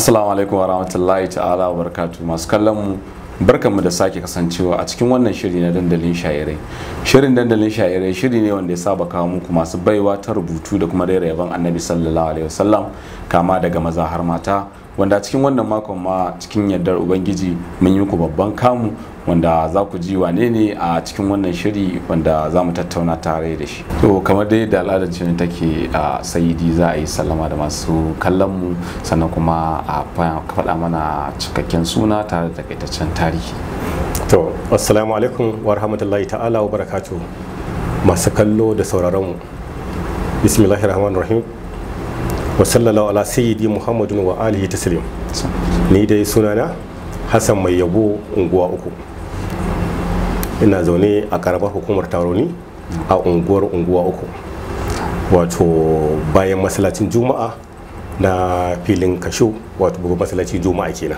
assalamu alaikum wa rahmatullahi ta'ala wa masu kallon mu barkanmu da sake kasancewa a cikin wannan shiri na dandalin shayirai shirin dandalin shayirai shiri ne wanda ya saba kawo muku masu baiwa ta rubutu da kuma rairayaban annabi sallallahu alaihi wasallam kama daga maza har mata wanda cikin wannan makon ma cikin yardar ubangiji mun yi muku babban kamu wanda za ku ji wane ne a cikin wannan shiri wanda za mu tattauna tare da shi to kamar dai da al'adar cewa take a sayidi za a yi sallama da masu kallon mu sannan kuma a faɗa mana cikakken suna tare da takaitaccen tarihi to assalamu alaikum wa rahmatullahi ta'ala wa barakatuh masu kallo da sauraron mu bismillahir rahmanir rahim wa sallallahu ala sayyidi muhammadin wa alihi taslim ni dai sunana hassan mai yabo unguwa uku ina zaune a karamar hukumar taroni a unguwar unguwa uku wato bayan masallacin juma'a na filin kasho wato babban masallacin juma'a kenan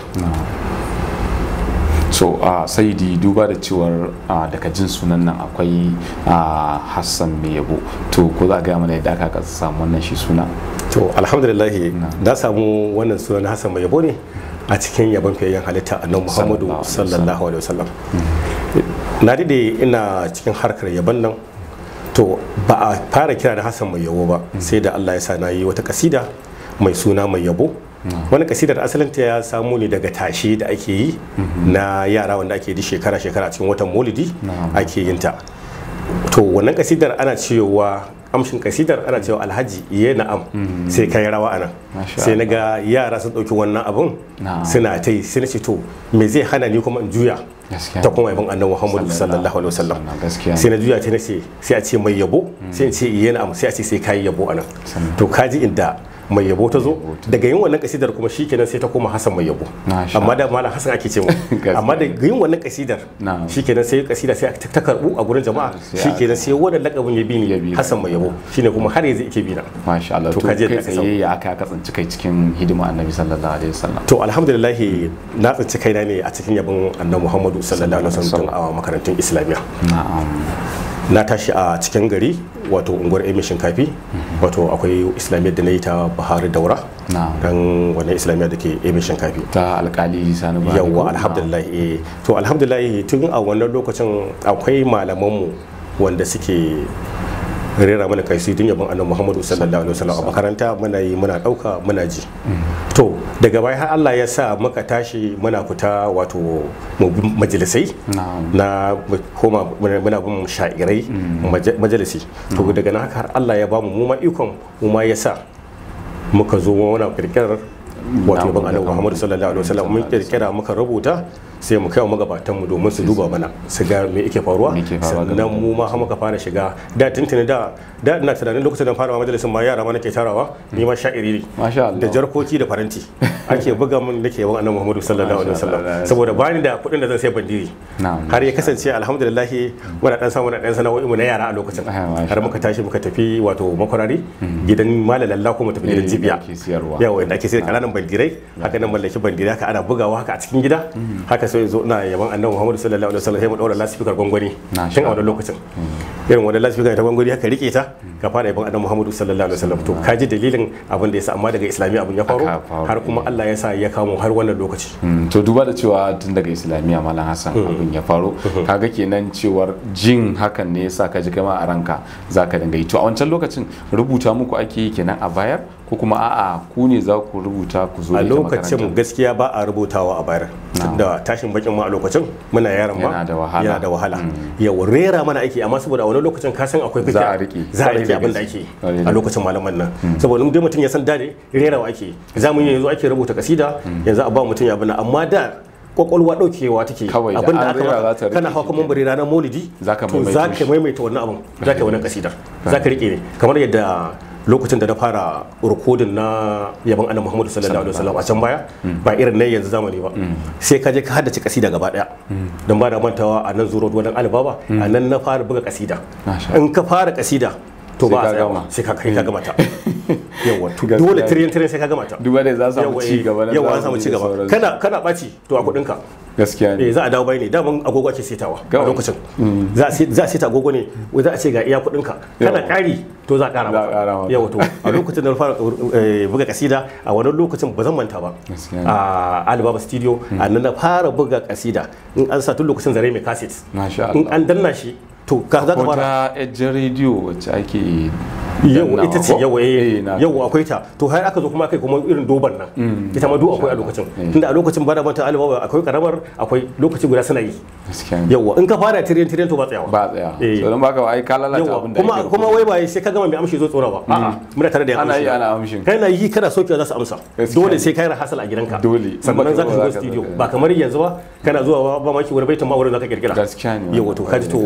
so a ah, saidi duba da cewar ah, daga jin sunan nan akwai ah, hassan mai yabo to ko za a gaya mana yadda aka samu wannan shi suna to alhamdulillah na samu wannan sunan hassan mai yabo ne a cikin yabon fiyayyen halitta a nan muhammadu sallallahu alaihi wasallam mm-hmm. na dade ina cikin harkar yabon nan to ba a fara kira da hassan mai yabo ba mm. sai da allah ya sa na yi wata kasida mai suna mai yabo wani kasidar ta ya samu ne daga tashe da ake yi na yara wanda ake yi shekara shekara cikin watan molidi ake yin ta to wannan kasidar ana cewa amshin kasidar ana cewa alhaji ya na'am hmm. sai kai rawa anan sai naga yara sun ɗauki wannan abun suna ta yi sai nace ce to me zai hana ni kuma in juya ta kuma ibn annabi Muhammadu sallallahu alaihi wasallam sai na juya ta nace ce sai a ce mai yabo sai in hmm. ce iya na'am sai a ce sai kai yabo anan to kaji inda mai yabo ta zo daga yin wannan kasidar kuma shikenan sai ta koma Hassan mai yabo amma da malam Hassan ake cewa amma da yin wannan kasidar shikenan sai kasida sai ta karbu a gurin jama'a shikenan sai wannan lakabin ya bi ni Hassan mai yabo shine kuma har yanzu yake bi na masha Allah to kaje da yi ya aka ka tsinci kai cikin hidima annabi sallallahu alaihi wasallam to alhamdulillah na tsinci kaina ne a cikin yabon annabi Muhammadu sallallahu alaihi wasallam a makarantun islamiya na'am na tashi a cikin gari wato unguwar emin shinkafi wato akwai islamiyyar da na yi ta Buhari daura don wani islamiyyar da ke emin shinkafi ta alkali sani ba yawwa alhamdulillah eh to alhamdulillah tun a wannan lokacin akwai malamanmu wanda suke rera mana kai sidin yabon annabi Muhammadu sallallahu alaihi wasallam a makaranta muna yi muna dauka muna ji mm-hmm. to daga baya har Allah ya sa muka tashi muna fita wato majalisai na koma muna bin sha'irai mm-hmm. majalisi to mm-hmm. daga nan har Allah ya bamu mu ma ikon mu ma ya sa muka zo muna kirkirar wato ban annabi Muhammadu sallallahu alaihi wasallam mun kirkira muka rubuta sai mu kai magabatan mu domin su duba mana su ga me yake faruwa sannan mu ma har muka fara shiga da tuntuni da da ina tunanin lokacin da fara majalisin ma yara ma nake tarawa ni ma sha'iri ne da jarkoki da faranti ake buga mun nake yawan annabi Muhammadu sallallahu alaihi wasallam saboda bani da kuɗin da zan sai bandiri har ya kasance alhamdulillah muna dan samu na dan sana'o'i mu na yara a lokacin ah, har muka tashi muka tafi wato makwarari gidan malalalla kuma tafi gidan eh, jibiya yawa inda ake sai kananan bandirai haka nan mallaki bandirai haka ana bugawa haka a cikin gida mm. haka sai zo na yaban annabi Muhammad sallallahu alaihi wasallam sai mu daura lasfikar gwangwani tun a wannan lokacin mm. irin wannan lasfikar ta gwangwani haka rike ta mm. ka fara yaban annabi Muhammad sallallahu alaihi wasallam to kaji dalilin abin da yasa amma daga islamiyya abin ya faru har kuma Allah ya sa ya kamo har wannan lokaci mm. to duba da cewa tun daga islamiyya malam Hassan abin ya faru mm-hmm. kaga kenan cewar jin hakan ne yasa kaji kai ma a ranka zaka dinga yi to a wancan lokacin rubuta muku ake yi kenan a bayar ko kuma a'a ku ne za ku rubuta ku zo a lokacin gaskiya ba a rubutawa a bayar da tashin bakin ma a lokacin muna yaran ba yana da wahala mm. yau rera mana aiki amma saboda a wani lokacin ka san akwai fita za a rike za a rike abin da ake a lokacin malaman nan mm. saboda dai mutum ya san dare wa ake yi yanzu ake rubuta kasida mm. yanzu a ba mutum ya bana amma da kwakwalwa daukewa take abin da aka kana hawa kuma bari ranar maulidi to za ka maimaita wannan abin za ka yi wannan kasidar za ka rike ne kamar yadda lokacin da na fara rikodin na yaban annabi Muhammadu sallallahu alaihi wasallam a can baya ba irin na yanzu zamani ba sai ka je ka haddace kasida gaba daya dan ba da mantawa a nan zuro wannan alibaba a nan na fara buga kasida in ka fara kasida to ba a gama sai ka kai ka gama ta yawa dole tiriyan tiriyan sai ka gama ta duba da za samu ci gaba yawa za samu ci gaba kana kana baci to a kudin ka gaskiya ne eh, za a dawo bai ne daman agogo ake setawa a lokacin mm. za a seta agogo ne za a ce ga iya kudin ka kana kari to za a kara maka yawa to a lokacin da na fara eh, buga kasida a wani lokacin ba zan manta ba a Alibaba studio a mm. nan na fara buga kasida in an sa tun lokacin zare mai cassette in an danna shi to ka za ka fara wata rediyo wacce ake yau ita ce yau eh, eh, yau akwai ta to har aka zo kuma kai kuma irin doban nan mm. ita ma duk akwai a lokacin eh. tunda a lokacin bada bata alima akwai karamar akwai lokaci guda suna yi yau in ka fara tirin tirin to ba tsayawa ba tsaya to baka ai ka lalata abin da kuma kuma wai baya sai ka gama mai amshi zo tsora ba a'a mm. muna tare da ana yi ana amshin na yi kana sokewa za su amsa dole sai kai rahasal a gidanka dole sannan za shigo studio ba kamar yanzu ba kana zuwa ba maki wani baitin ma wurin zaka kirkira gaskiya ne yau to kaji to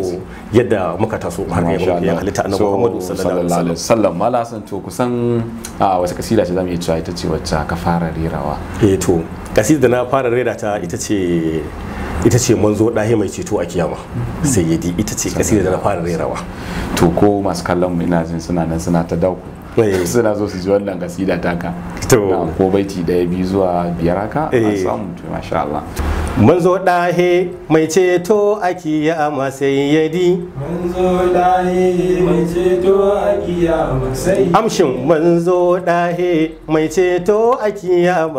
yadda muka taso har ga ya halitta annabi Muhammad sallallahu alaihi wasallam mala san to kusan wata kasida ce zamu iya cewa ita ce wacce ka fara rerawa eh to kasida da na fara rera ta ita ce ita ce manzo dahi mai ceto a kiyama sai yadi ita ce kasida da na fara rerawa to ko masu kallon mu ina jin suna nan suna ta dauku suna so su ji wannan kasida taka to ko baiti daya biyu zuwa biyar haka eh. samu to masha Allah mun zo dahe mai ceto akiya yadi mun zo dahe mai ceto akiya masayyadi amshin mun zo dahe mai ceto akiya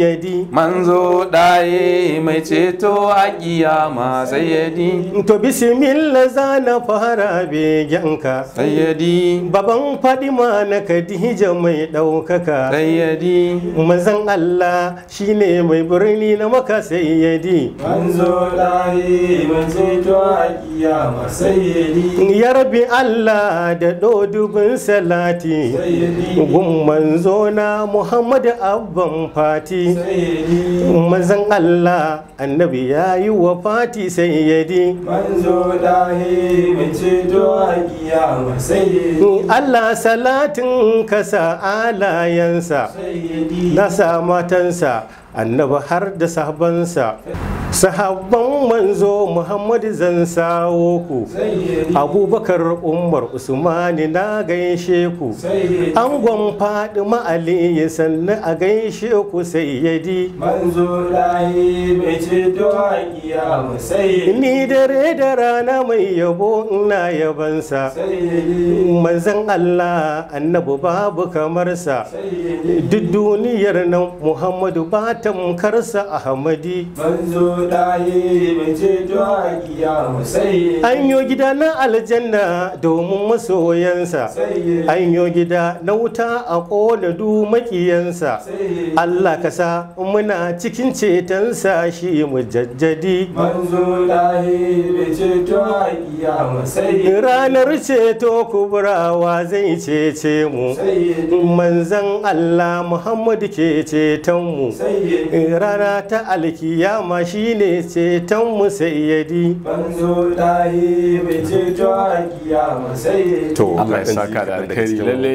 yadi mun zo dahe mai ceto akiya yadi to bismillah zana fara begenka sayyadi baban fadima na Kadija mai ɗaukaka sayyadi manzan Allah shine mai birni na maka sayyadi manzo lahi manzo to ma sayyadi ya rabbi Allah da dodubin salati sayyadi gum manzo na Muhammad abban fati sayyadi manzan Allah annabi yayi wa fati sayyadi manzo lahi manzo to ma sayyadi Allah salatin in ka sa alayensa na sa matansa Annaba har da sahabansa sahabban manzo muhammadu zan sawo ku abubakar umar usmani na gaishe ku angon faɗi ma'ali ya sannu a gaishe ku di manzo layi mai ceto haƙiya ni dare da rana mai yabo ina yabansa manzan allah Annabu babu kamarsa duk duniyar nan muhammadu ba tamkarsa ahmadi manzo a sai an yo gida na aljanna domin masoyansa an yo gida na wuta a ƙona du makiyansa Allah ka sa muna cikin sa shi mu jajjadi manzo ceto a sai ranar ceto wa zai cece mu manzan Allah Muhammad ke ceton mu Eh, rana ta alkiyama shine ceton mu sayyadi manzo dahi mai ceto a kiyama sayyadi to Allah ya saka da alkhairi lalle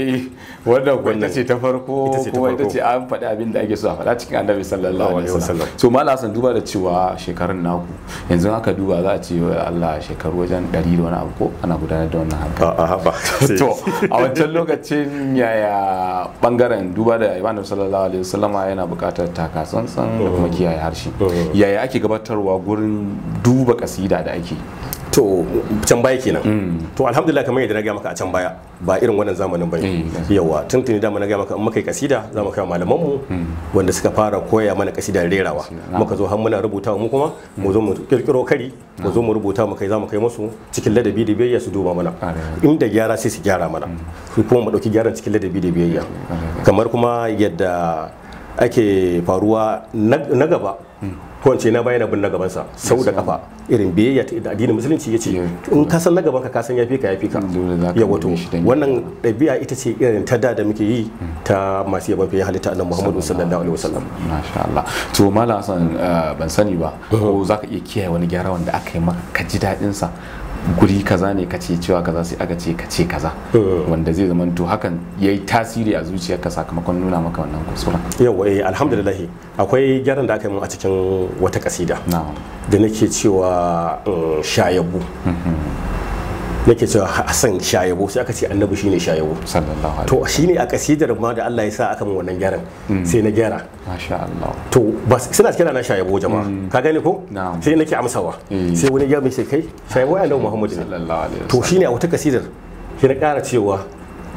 wannan ita ce ta farko kuma ita ce an faɗi abin da ake so a faɗa cikin annabi sallallahu alaihi wasallam so malam san duba da cewa shekarun naku yanzu haka duba za a ce Allah shekaru wajen 100 da wani abu ko ana gudanar da wannan haka a haba to a wancan lokacin yaya bangaren duba da Imam sallallahu alaihi wasallama yana buƙatar taka da kuma mm. kiyaye harshe mm. yaya ake gabatarwa gurin duba kasida da ake to can baya kenan mm. to alhamdulillah kamar yadda na gaya maka a can baya ba irin wannan zamanin bane yawa tuntuni da na gaya maka in muka yi kasida za mu kai malaman mu wanda suka fara koya mana kasida rerawa muka zo har muna rubuta mu kuma mu zo mu kirkiro kari mu zo mu rubuta mu kai za mu kai musu cikin ladabi da biyayya su duba mana inda gyara sai su gyara mana kuma mu dauki gyaran cikin ladabi da biyayya kamar kuma yadda ake faruwa na gaba ko na bayan abin na gabansa sau da kafa irin biyayya ta addinin musulunci ya ce in ka san na gaban ka san yafi ka yafi ka ya wato wannan ɗabi'a ita ce irin ta da da muke yi hmm. ta masu yaban fiye halitta annabi Muhammadu sallallahu alaihi wasallam masha Allah to malam Hassan eh, ban sani ba uh-huh. ko zaka iya kiyaye wani gyara wanda aka yi maka ka ji daɗin sa guri kaza ne kace cewa kaza sai aka ce kace kaza eh. wanda zai zama to hakan yayi tasiri a zuciyarka sakamakon nuna maka wannan kusura yawa eh alhamdulillah akwai gyaran da aka yi mun a cikin wata kasida da nake cewa eh, shayabu mm-hmm. yake cewa Hassan shayabo sai aka ce annabi shine shayabo sallallahu alaihi to shine a kasidar ma da Allah ya sa aka mun wannan gyaran mm. sai na gyara masha Allah to bas suna kira na shayabo jama'a mm. ka gane ko sai nake amsawa mm. sai wani ya mai sai kai shayabo annabi Muhammad ne sallallahu alaihi to shine a wata kasidar shi na kara cewa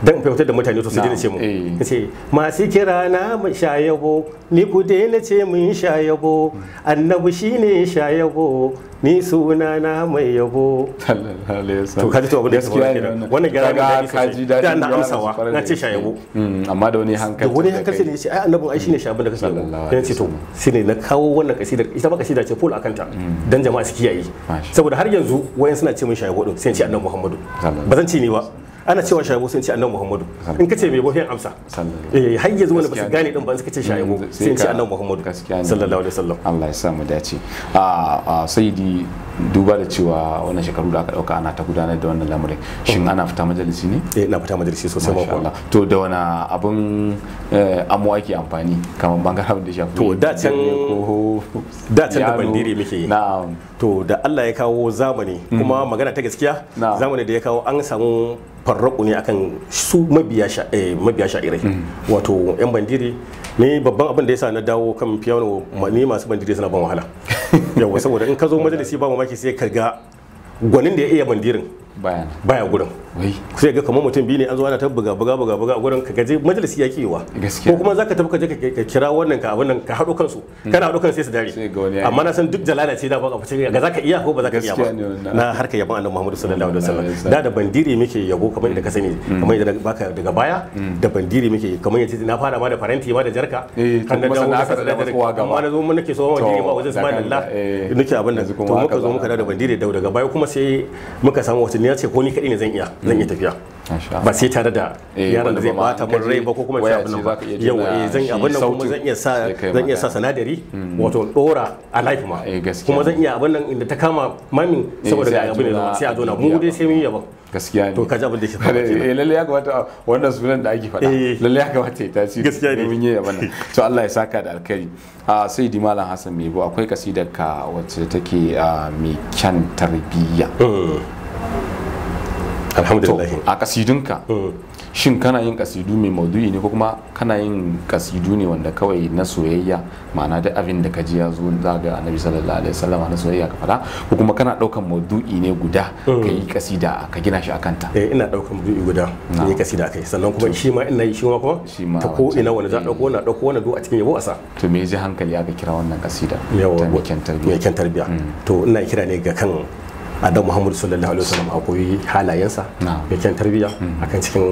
dan fahimtar da mutane to su daina ce mu eh. kace masu kira na mu shayabo ni ku na ce mun shayabo annabi shine shayabo ni suna na mai yabo to kaji to abin da ya kira wannan gara ga kaji da dan na amsawa na ce shayabo mm, amma da wani hankali da wani hankali ne ce ai annabin ai shine shayabo da kace dan ce to shine na kawo wannan kasida ita ma kasida ce full akan ta mm. dan jama'a su kiyaye saboda har yanzu wayan suna ce mun shayabo din sai ce annabi Muhammadu bazan ce ni ba ana cewa shayabo sun ce annabi muhammadu in kace mai bohin amsa eh har yanzu wanda ba su gane din ba suka ce shayabo sun ce annabi muhammadu sallallahu alaihi wasallam Allah ya sa mu dace a ah, ah, sayyidi duba da cewa wannan shekaru da aka dauka ana ta gudanar da wannan lamarin shin ana fita majalisi ne eh ina fita majalisi sosai ma Allah to da wani abun eh, amu ake amfani kamar bangaren da shafi to da can da can da bandiri muke na'am to da Allah ya kawo zamani mm. kuma magana ta gaskiya zamani da ya kawo an samu farraku ne akan su mabiya eh, sha'irai mm. wato yan bandiri ni babban abin da ya yasa na dawo kan piano ni masu bandire suna ban wahala yawa saboda in ka zo majalisi ba mamaki sai ka ga gwanin da ya iya bandirin baya gurin sai ga kamar mutum biyu ne an zo ana ta buga buga buga buga gurin ka gaje majalis ya kiyewa ko kuma zaka tafi ka je ka kira wannan ka abin nan ka haɗo kansu hmm. kana haɗo kansu sai su dare amma na san duk jalala ce da ba ka fice ga zaka iya ko ba zaka iya ba na harka yaban annabi Muhammadu sallallahu alaihi wasallam da da bandire muke yabo kamar da ka sani hmm. kamar da baka daga baya hmm. da bandire muke kamar yace na fara ma da faranti ma da jarka eh, kan da dawo ka da ga amma na zo mun nake so ma jiri ma wajen subhanallah eh. nake abin nan to muka zo muka da da daga baya kuma sai muka samu wata ne ya ce ko ni kaɗai ne zan iya zan iya tafiya ba sai tare da eh, yaran da zai bata mun rai ba ko kuma ya abin ba yau eh zan iya abin nan kuma zan iya sa zan iya sa sanadari hmm. wato dora a life ma eh, kuma zan iya abin nan inda ta kama mamin eh, saboda ga abin nan sai a zo na mu dai sai mun yi ba gaskiya ne to kaji abin da shi eh lalle ya kamata wannan sunan da ake fada lalle ya kamata ya tashi gaskiya ne mun yi ya bana to Allah ya saka da alkhairi a ah, sai di malam Hassan Mebo akwai kasidar ka wacce take ah, mai kyan tarbiyya hmm. alhamdulillah a kasidunka mm. shin kana yin kasidu mai maudu'i ne ko kuma kana yin kasidu ne wanda kawai na soyayya ma'ana da abin da ka ji ya zo za ga annabi sallallahu alaihi wasallam na soyayya ka fada ko kuma kana daukan maudu'i ne guda ka mm. yi kasida ka gina shi akan ta eh ina daukan maudu'i guda ne kasida kai sannan kuma shi ma ina yi shi ma kuma shi ma ta ko ina wanda za dauko wani dauko wanda a cikin yabo asa to me ji hankali aka kira wannan kasida Me wakin tarbiya mm. to ina kira ne ga kan adam muhammadu sallallahu alaihi wasallam akwai halayensa mai kyan tarbiyya hmm. akan cikin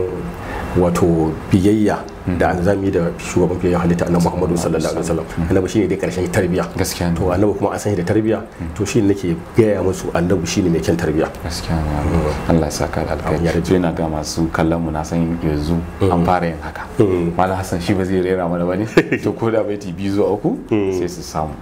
wato biyayya Mm-hmm. da alzami da shugaban fiye halitta annabi muhammadu sallallahu alaihi wasallam mm-hmm. annabi shine dai karshen tarbiya gaskiya to annabi kuma an san shi da tarbiya mm-hmm. to shine nake gaya musu annabi shine mai kyan tarbiya gaskiya Allah ya saka alkai to yana ga masu kallon mu na san yanzu an fara yin haka malam hasan shi ba zai rera mana bane to ko da bai tibi zuwa uku sai su samu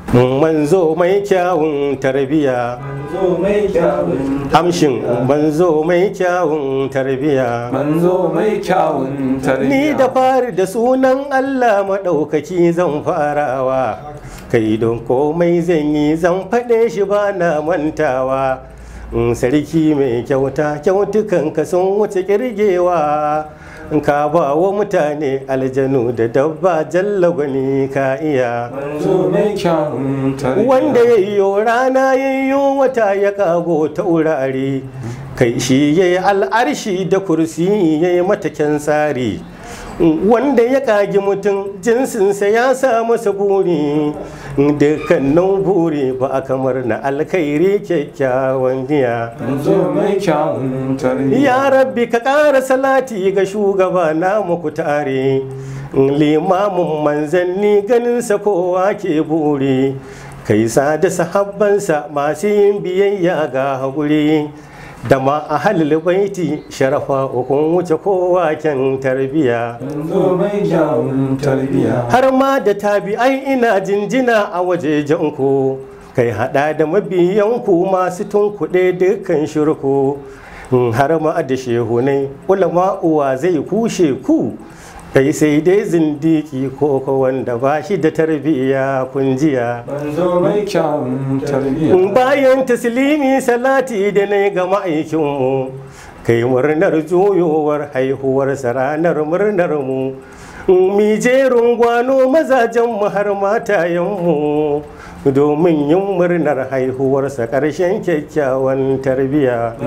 manzo mai kyawun tarbiya manzo mai kyawun amshin manzo mai kyawun tarbiya manzo mai kyawun tarbiya ni da fari da sunan Allah maɗaukaki zan farawa kai don komai zan yi zan faɗe shi ba na mantawa in sarki mai kyauta kyautukan ka sun wuce kirgewa ka ba wa mutane aljanu da dabba jalla ka iya wanda ya yi rana ya yi wata ya kago ta wurare kai shi ya yi al'arshi da kursi ya yi matakin tsari wanda ya kagi mutum jinsinsa ya sa masa buri dukkanin buri ba a kamar na alkhairi kyakkyawan niya ya rabbi ka ƙara salati ga shugaba na muku tare limamin manzanni ganinsa kowa ke buri kai sa da sahabbansa masu yin biyayya ga haƙuri da ma a halil baiti sharafa hukun wuce kowa kyan tarbiya har ma da tabi'ai ina jinjina a waje ku kai hada da mabiyanku masu tunkuɗe dukkan shirku har ma da shehunai ulama uwa zai kushe ku kai sai dai zindiki ko ko wanda ba shi da tarbiya kunjiya jiya mm, bayan taslimi salati da ne ga ma'aikinmu kai murnar juyowar haihuwar ranar murnar mu mm, mi rungwano gwano mazajen mu har matayen mu domin yin murnar haihuwarsa ƙarshen kyakkyawan tarbiyya.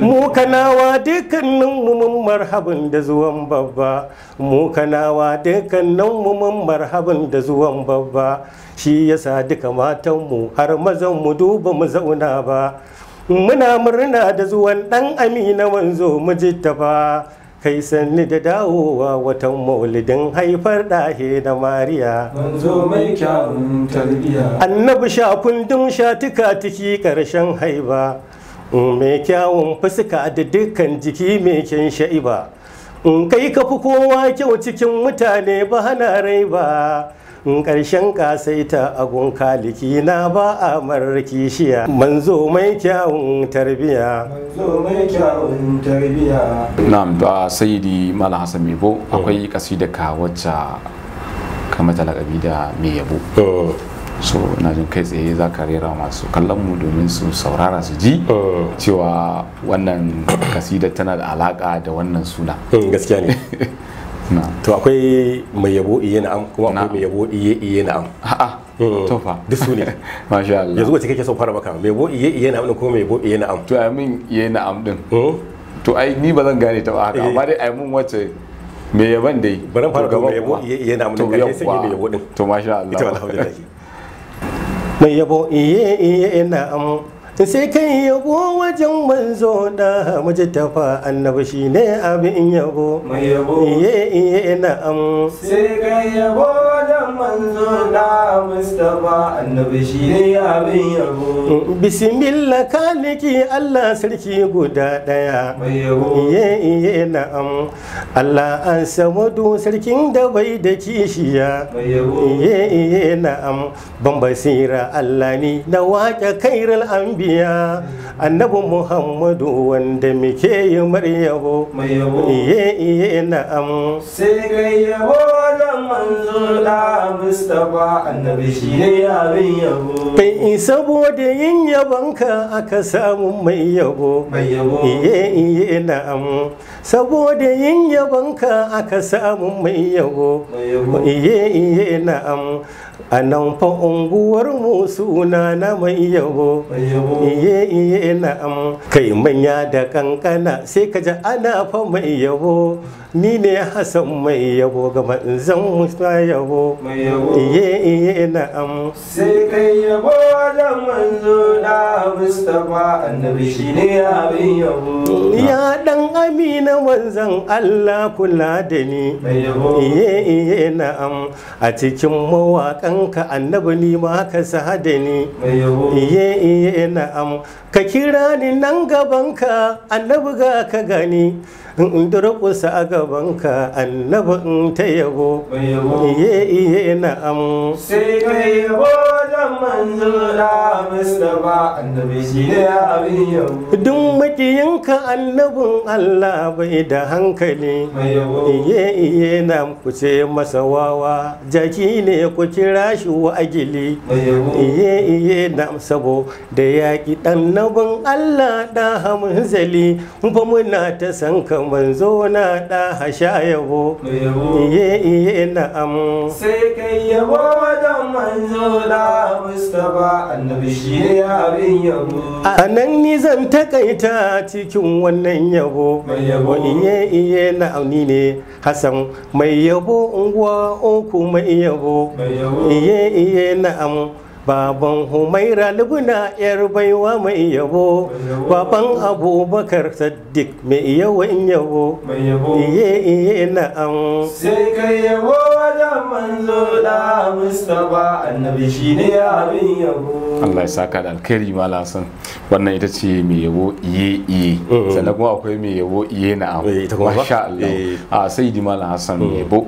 Mu kanawa mu mun marhabin da zuwan babba, mu kanawa mu mun marhabin da zuwan babba, shi yasa duka matanmu har mazan mu duba mu zauna ba. Muna murna da zuwan ɗan amina wanzo mu jittafa. kai sanni da dawowa watan maulidin haifar ɗahe da mariya manzo mai kyawun tarbiya annabi shafin dun shatika tiki ƙarshen haiba mai kyawun fuska da dukkan jiki mai kyan sha'iba in kai kafi kowa kyau cikin mutane ba hana rai ba in ƙarshen ƙasaita agun kaliki na ba a marar kishiya manzo mai kyawun tarbiya manzo mai kyawun tarbiya na'am da malam hasan mebo mm. akwai kasida ka wacce ka lakabi da mai yabo mm. so na jin kai tsaye za ka rera masu kallon mu domin su saurara su ji mm. cewa wannan kasida tana da alaƙa da wannan suna gaskiya ne to akwai mai yabo iye na'am kuma akwai mai yabo iye iye na'am a'a hmm. to fa duk su ne masha Allah yanzu wace kake son fara maka mai yabo iye iye na'am din kuma mai yabo iye na'am to ai min iye na'am din hmm. to ai ni ba zan gane ta ba haka eh. amma dai ai mun wace mai yaban dai bari fara da mai yabo iye iye na'am din kai sai mai yabo din to masha Allah ita alhamdulillah mai yabo iye iye na'am sai kai yabo wajen manzo da tafa annabi ne abin yabo mai yabo iye iye na'am sai kai yabo wajen manzo da mustafa annabi ne abin yabo bismillah kaliki Allah sarki guda daya mai yabo iye iye na'am Allah an du sarkin da bai da kishiya mai yabo iye iye na'am ban basira Allah ni. na waƙa kairal anbi godiya annabi muhammadu wanda muke yi maryabo iye iye na'am sai manzo da mustapha annabi shi ne abin yabo bai isa da yin yabonka aka samu mai yabo mai yabo iye iye na'am saboda yin yabonka aka samu mai yabo iye iye na'am a nan fa unguwar mu suna na mai yabo iye iye na'am kai manya da kankana sai ka ji ana fa mai yabo ni ne hasan mai yabo ga manzon musa yabo iye iye na'am sai kai yabo da manzo na Mustapha annabi abin yabo ya amina manzon Allah kula da ni iye iye na'am a cikin mawaƙanka annabi ni ma ka ni iye iye na'am ka kira ni nan gabanka annabi ga ka gani in durƙusa a gabanka annabi in ta yabo iye iye na'am sai ka yabo gidan manzo da duk makiyinka annabin Allah bai da hankali iye iye na kuce masa wawa jaki ne ku kira shi wa agili iye iye na sabo da yaƙi annabin Allah da hamzali fa muna ta san ka manzo na da hasha yabo iye iye na am sai kai yabo wajen manzo da a nan ni zan takaita cikin wannan yabo wani iye na la'auni ne hasan mai yabo unguwa uku mai yabo iye iye amu. baban humaira libna yar baiwa mai yabo baban abubakar saddiq mai yawan yabo iye iye na an sai kai yabo wajen manzo da mustapha annabi shine abin yabo Allah ya saka da alkhairi malam san wannan ita ce mai yabo iye iye mm-hmm. sannan kuma akwai mai yabo iye na eh, an masha Allah eh. a ah, sayyidi di malam hasan mai yabo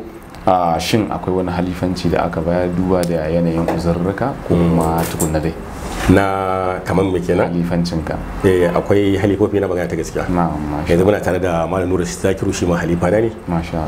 a shin akwai wani halifanci da aka bayar duba da yanayin uzurruka ko kuma tukunna dai na kamar me kenan halifancin ka eh akwai halifofi na magana ta gaskiya yanzu muna tare da malam nura zakiru shi ma halifa na ne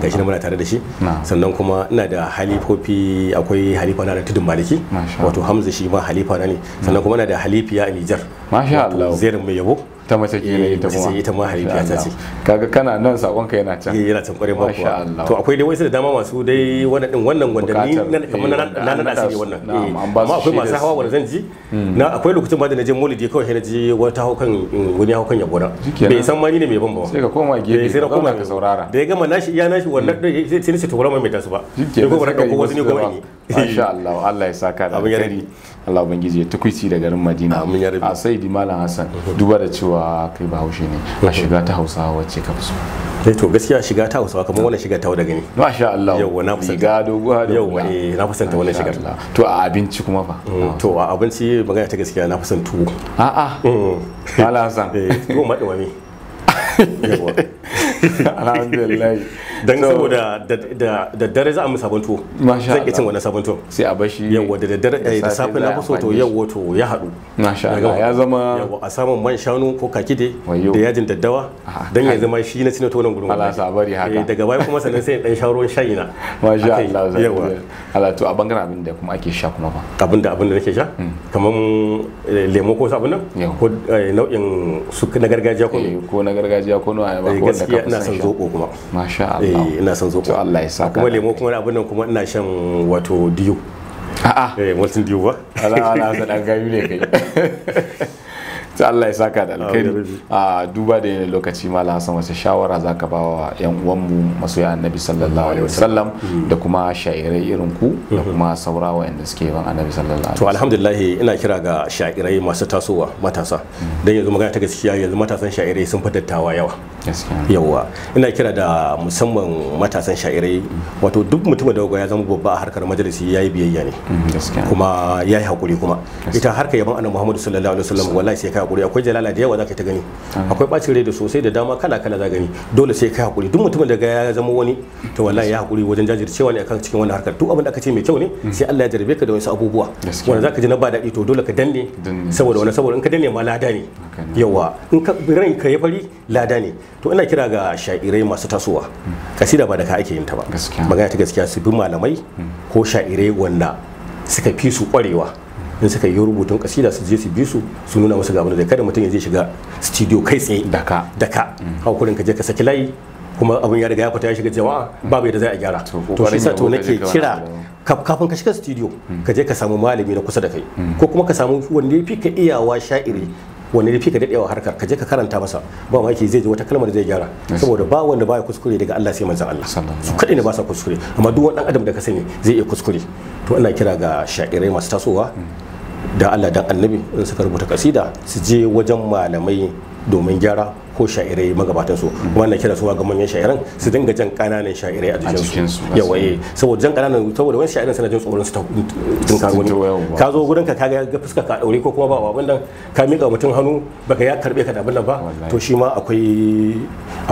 ga shi muna tare da shi sannan kuma ina da halifofi akwai halifa na tudun maliki wato hamza shi ma halifa na ne sannan kuma ina da halifiya a niger masha Allah zairin mai yabo ta mace ke ne ita kuma eh, ita ma harifiya ta ce kaga kana nan sakon ka yana can eh, yana can kwarin bakuwa to akwai dai wasu da dama masu dai wannan din wannan ni kamar eh, na na na sai wannan amma akwai masu hawa wanda zan ji hmm. na akwai lokacin ba da na je molidi kawai sai naje ji wata hawkan wani hawkan ya gora bai san ma ni ne mai ban ba sai ka koma gefe sai ka koma ka saurara da ya gama nashi iya nashi wannan sai ni sai to mai mai tasu ba sai ko gura ko wani ne ko ne Masha Allah Allah ya saka da alkhairi Allah ubangiji ya tukuici da garin Madina amin a sai di malam Hassan duba da cewa kai haushe ne a shiga ta Hausawa wacce ka fi so dai eh to gaskiya shiga ta Hausawa kamar wannan shiga ta wada gani Masha Allah yawa na fi ga doguwa da yawa eh na fi santa wannan shigar to a abinci kuma fa mm, to a abinci magana ta gaskiya na fi san tuwo a a mm. malam Hassan eh tuwo madawami alhamdulillah dan saboda da dare za a mu sabon tuwo zan iya cin wannan sabon tuwo sai a bashi yawa da dare eh, da safe na fi to yawa to ya haɗu masha Allah ya zama yawa a samun man shanu ko kakide da yajin daddawa dan ya zama shi na cin tuwo nan gurin Allah sabari haka eh, daga baya kuma sannan sai dan shawo shayi na masha Allah yawa Allah to a bangaren abin da kuma ake sha kuma ba abin da abin da nake sha mm. kamar eh, lemo ko sabon nan ko nau'in na gargajiya ko na gargajiya ko na da ka da sha ina son zoko kuma masha Allah ina son zoko to Allah ya saka kuma lemo kuma abin nan kuma ina shan wato diyo a'a eh multin diyo ba ala ala sadan gayu ne kai ta Allah ya saka da alkhairi a duba da yanayin lokaci malam Hassan wasu shawara za ka bawa yan uwanmu masoya annabi sallallahu alaihi wasallam da kuma sha'irai irin ku da mhm. kuma saura wa'anda suke yi annabi sallallahu alaihi to alhamdulillah ina kira ga sha'irai masu tasowa matasa mhm. dan yanzu magana ta gaskiya yanzu matasan sha'irai sun fadattawa yawa yawa ina kira da musamman matasan sha'irai mhm. wato duk mutumin da ya zama babba a harkar majalisi yayi biyayya ne kuma yayi hakuri kuma ita harkar yaban annabi Muhammad sallallahu alaihi wasallam wallahi sai ka hakuri akwai jalala da yawa zaka ta gani akwai bacin rai da sosai da dama kala kala za gani dole sai kai hakuri duk mutumin da ya zama wani to wallahi ya hakuri wajen jajircewa ne akan cikin wannan harkar duk abin da aka ce mai kyau ne sai Allah ya jarbe ka da wasu abubuwa wanda zaka ji na ba daɗi to dole ka danne saboda wani saboda in ka danne ma lada ne yawa in ka ran ka ya fari lada ne to ina kira ga sha'irai masu tasowa kasida ba da ka ake yin ta ba magana ta gaskiya su bi malamai hmm. ko sha'irai wanda suka fi su kwarewa in suka yi rubutun kasida su je su bi su su nuna musu gaban da kada mutum ya je shiga studio kai tsaye daka daka mm. hakurin ka je ka saki layi kuma abin ya riga ya fita ya shiga jama'a mm. babu yadda za a gyara to shi to nake kira kafin ka shiga studio mm. ka je ka samu malami na kusa da kai ko kuma ka samu wanda ya fi ka iyawa sha'iri wanda ya fi ka daɗewa harkar ka je ka karanta masa ba ma yake zai je wata kalmar zai gyara saboda ba wanda baya kuskure daga Allah sai manzon Allah su kaɗi ne ba sa kuskure amma duk wani ɗan adam da ka sani zai iya kuskure to ina kira ga sha'irai masu tasowa da Allah dan annabi in suka rubuta kasida su je wajen malamai domin gyara ko sha'irai magabatan su wannan kira su ga manyan sha'iran su dinga jan kananan sha'irai a cikin su yawa eh saboda jan kananan saboda wani sha'iran suna jin tsoron su ta. ka wani ka zo gurin ka kaga ga fuska ka daure ko kuma ba abin nan ka mika mutum hannu baka ya karbe ka da abin nan ba to shi ma akwai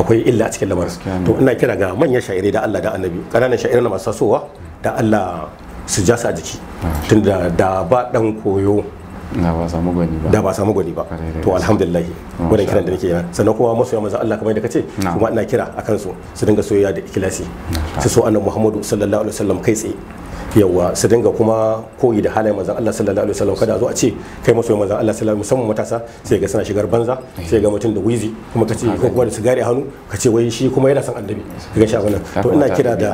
akwai illa a cikin lamarin to ina kira ga manyan sha'irai da Allah da annabi kananan sha'irai masu tasowa da Allah su ja su a jiki tunda da ba dan koyo da ba samu gwani ba da ba ba to alhamdulillah wannan kiran da nake yana sannan kuma masoya manzo Allah kamar yadda kace kuma ina kira akan su su dinga soyayya da ikilasi su so annabi Muhammadu sallallahu alaihi wasallam kai tsaye yawa su dinga kuma koyi da halayen manzon Allah sallallahu alaihi wasallam kada zo a ce kai masoyin manzon Allah sallallahu musamman matasa sai ga suna shigar banza eh. sai ga mutum da wizi kuma kace kuma da sigari hannu kace wai shi kuma yana son annabi kaga shi abin to ina kira da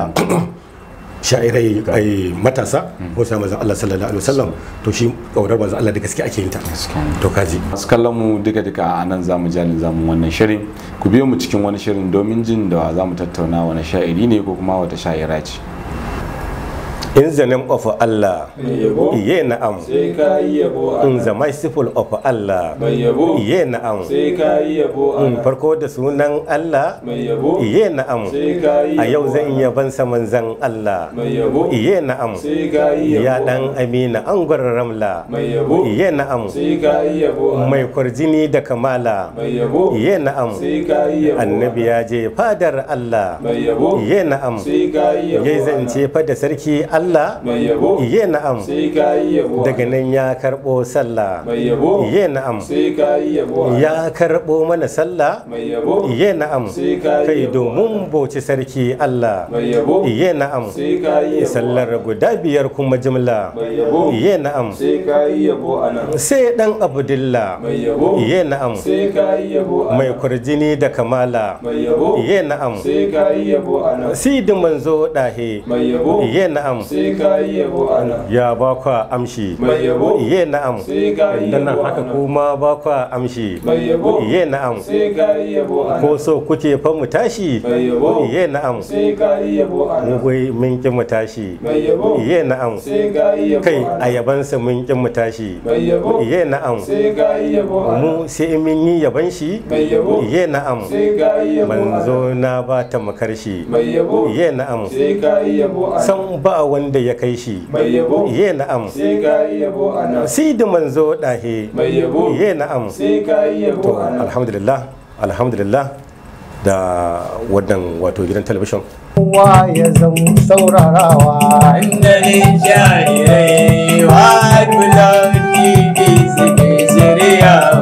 sha'irai ai matasa sai manzon Allah sallallahu alaihi wasallam to shi kaurar manzon Allah da gaske ake yin ta to kaji kallon mu duka duka a nan zamu jalin zamu wannan shirin ku biyo mu cikin wani shirin domin jin da zamu tattauna wani sha'iri ne ko kuma wata sha'ira ce in the name of Allah iye na'am in the merciful of Allah iye na'am in farko da sunan Allah iye na'am a yau zan yaban saman zan Allah iye na'am ya dan amina an ramla iye na'am mai kwarjini da kamala iye na'am annabi ya je fadar Allah iye na'am ya zance fa da sarki Allah sallah mai yabo na'am daga nan ya karbo sallah mai na'am ya karbo mana sallah mai yabo na'am ka yi kai domin bauci sarki Allah mai na'am sallar guda biyar kuma jimla mai yabo na'am sai dan abdullah mai yabo na'am mai kurjini da kamala mai yabo na'am sai ka yi yabo anan dahe mai na'am sai ya ba kwa amshi mai na'am sai ka haka kuma ba kwa amshi mai na'am ko so kuke fa mu tashi na'am ka yi yabo ana mu gwai mun ki mu tashi na'am kai a yaban sa mun ki mu tashi na'am mu sai mun yi yaban shi mai na'am manzo na ba ta makarshi na'am san ba wani wanda ya kai shi mai yabo ye na'am sai ga yabo ana sidi manzo dahe mai yabo ye na'am sai ga yabo to alhamdulillah alhamdulillah da wannan wato gidan talabishin wa ya zama saurarawa inda ne jarirai wa kula tulauti ke sire siriya